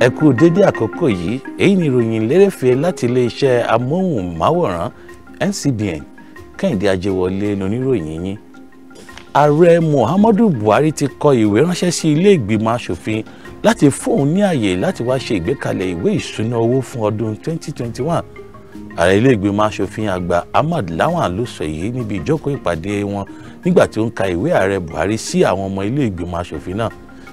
ẹ kú dédé àkókò yìí èyí ni ìròyìn lérèfé láti iléeṣẹ́ amóhùnmáwòrán NCBN Kẹ́hìndé Ajẹ́wọlé lóníròyìn yín ààrẹ Muhammadu Buhari ti kọ ìwé ránṣẹ́ sí ilé ìgbìmọ̀ asòfin láti fóun ní àyè láti wá ṣe ìgbékalẹ̀ ìwé ìṣúná owó fún ọdún 2021 ààrẹ ilé ìgbìmọ̀ asòfin àgbà Ahmad Lawan ló sọ èyí níbi ìjókòó ìpàdé wọn nígbà tí ó ń ka ìwé ààrẹ Buhari sí àwọn ọmọ ilé ìgbìmọ̀ asòfin náà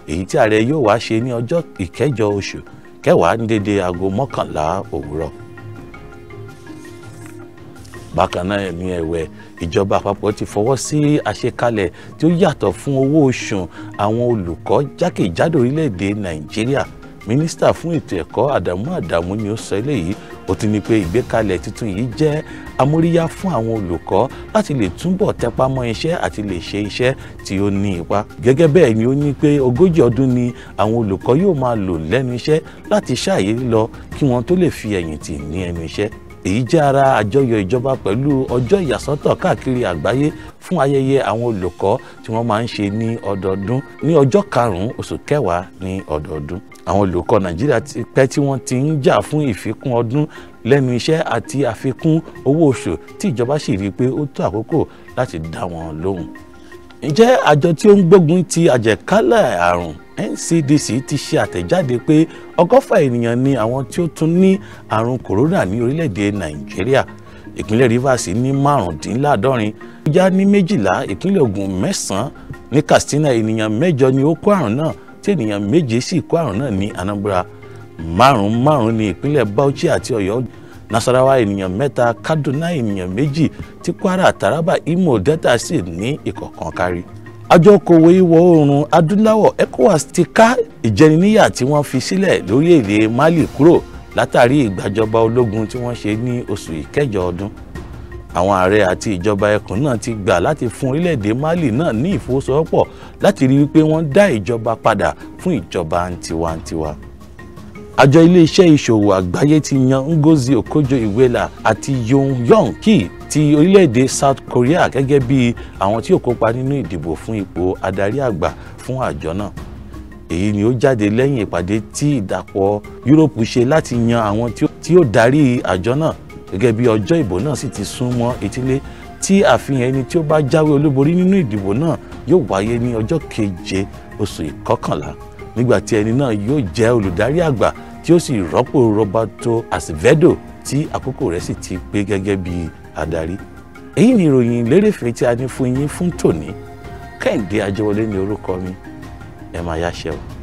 èyí tí ààrẹ yóò wá ṣe ní ọjọ́ ìkẹjọ oṣù kẹwàá ní dédé aago mọ́kànlá òwúrọ̀ bákan náà ní ẹ̀wẹ̀ ìjọba àpapọ̀ ti fọwọ́ sí àṣekalẹ̀ tí ó yàtọ̀ fún owó oṣù àwọn olùkọ́ jákèjádò orílẹ̀-èdè nàìjíríà mínísítà fún ètò ẹ̀kọ́ àdàmú àdàmú ni ó sọ eléyìí ó tún ní pé ìgbékalẹ̀ tuntun yìí jẹ́ amóríyá fún àwọn olùkọ́ láti lè túbọ̀ tẹpá mọ́ iṣẹ́ àti lè ṣe iṣẹ́ tí ó ní ipa gẹ́gẹ́ bẹ́ẹ̀ ni ó ní pé ogójì ọdún ni àwọn olùkọ́ yóò máa lò lẹ́nu iṣẹ́ láti ṣàyè lọ kí wọ́n tó lè fi ẹ̀yìn tì ní ẹnu iṣẹ́ èyí jẹ́ ara àjọyọ̀ ìjọba pẹ̀lú ọjọ́ ìyàsọ́tọ̀ káàkiri àgbáyé fún ayẹyẹ àwọn olùkọ́ tí wọ́n máa ń ṣe ní ọdọọdún ní ọjọ́ karùn-ún oṣù kẹwàá ní ọdọọdún. àwọn olùkọ́ nàìjíríà ti pẹ́ tí wọ́n ti ń jà fún ìfikún ọdún lẹ́nu iṣẹ́ àti àfikún owó oṣù tí ìjọba sì rí i pé ó tó àkókò láti dá wọn lóhùn. ǹjẹ́ àjọ tí ó ń gbógun ti àjẹkálẹ̀ àrùn NCDC ti ṣe àtẹ̀jáde pé ọgọ́fà ènìyàn ni àwọn tí ó tún ní àrùn kòrónà ní orílẹ̀-èdè Nàìjíríà ìpínlẹ̀ Rivers ní márùndínláàdọ́rin ìjà ní méjìlá ìpínlẹ̀ Ògùn mẹ́sàn-án ní Katsina ènìyàn mẹ́jọ ni ó kó àrùn náà tí ènìyàn méje sì kó àrùn náà ní Anambra márùn márùn ní ìpínlẹ̀ Bauchi àti Ọ̀yọ́ Nasarawa ènìyàn mẹ́ta Kaduna ènìyàn méjì tí Kwara Taraba Imo Delta sì ní ìkọ̀kan kárí àjọ òkòwò ìwọ̀ oòrùn adúláwọ̀ ecowas ti ká ìjẹniníyà tí wọ́n fi sílẹ̀ lórílẹ̀‐èdè mali kúrò látàrí ìgbàjọba ológun tí wọ́n ṣe ní oṣù ìkẹjọ ọdún àwọn ààrẹ àti ìjọba ẹkùn náà ti gbà láti fún orílẹ̀‐èdè mali náà ní ìfowósowọ́pọ̀ láti rí wípé wọ́n dá ìjọba padà fún ìjọba tiwantiwa àjọ iléeṣẹ́ ìṣòwò àgbáyé ti yan ngozi okojo iweala àti yong yong kí ti orílẹ̀-èdè South Korea gẹ́gẹ́ bí àwọn tí ò kópa nínú ìdìbò fún ipò adarí àgbà fún àjọ náà èyí ni ó jáde lẹ́yìn ìpàdé tí ìdàpọ̀ Yúróòpù ṣe láti yan àwọn tí ó darí àjọ náà gẹ́gẹ́ bí ọjọ́ ìbò náà sì ti sún mọ́ etílé tí àfihàn ẹni tí ó bá jáwé olúborí nínú ìdìbò náà yóò wáyé ní ọjọ́ keje oṣù ìkọkànlá nígbà tí ẹni náà yóò jẹ́ olùdarí àgbà tí ó sì rọ́pò Roberto Azevedo tí àkókò rẹ̀ sì ti pé gẹ́gẹ́ bí adarí èyí ni ìròyìn lérèfé tí a ní fún yín fún tòní kẹ́hìndé ajẹ́wọlé ní orúkọ mi ẹ máa yáṣẹ́ o.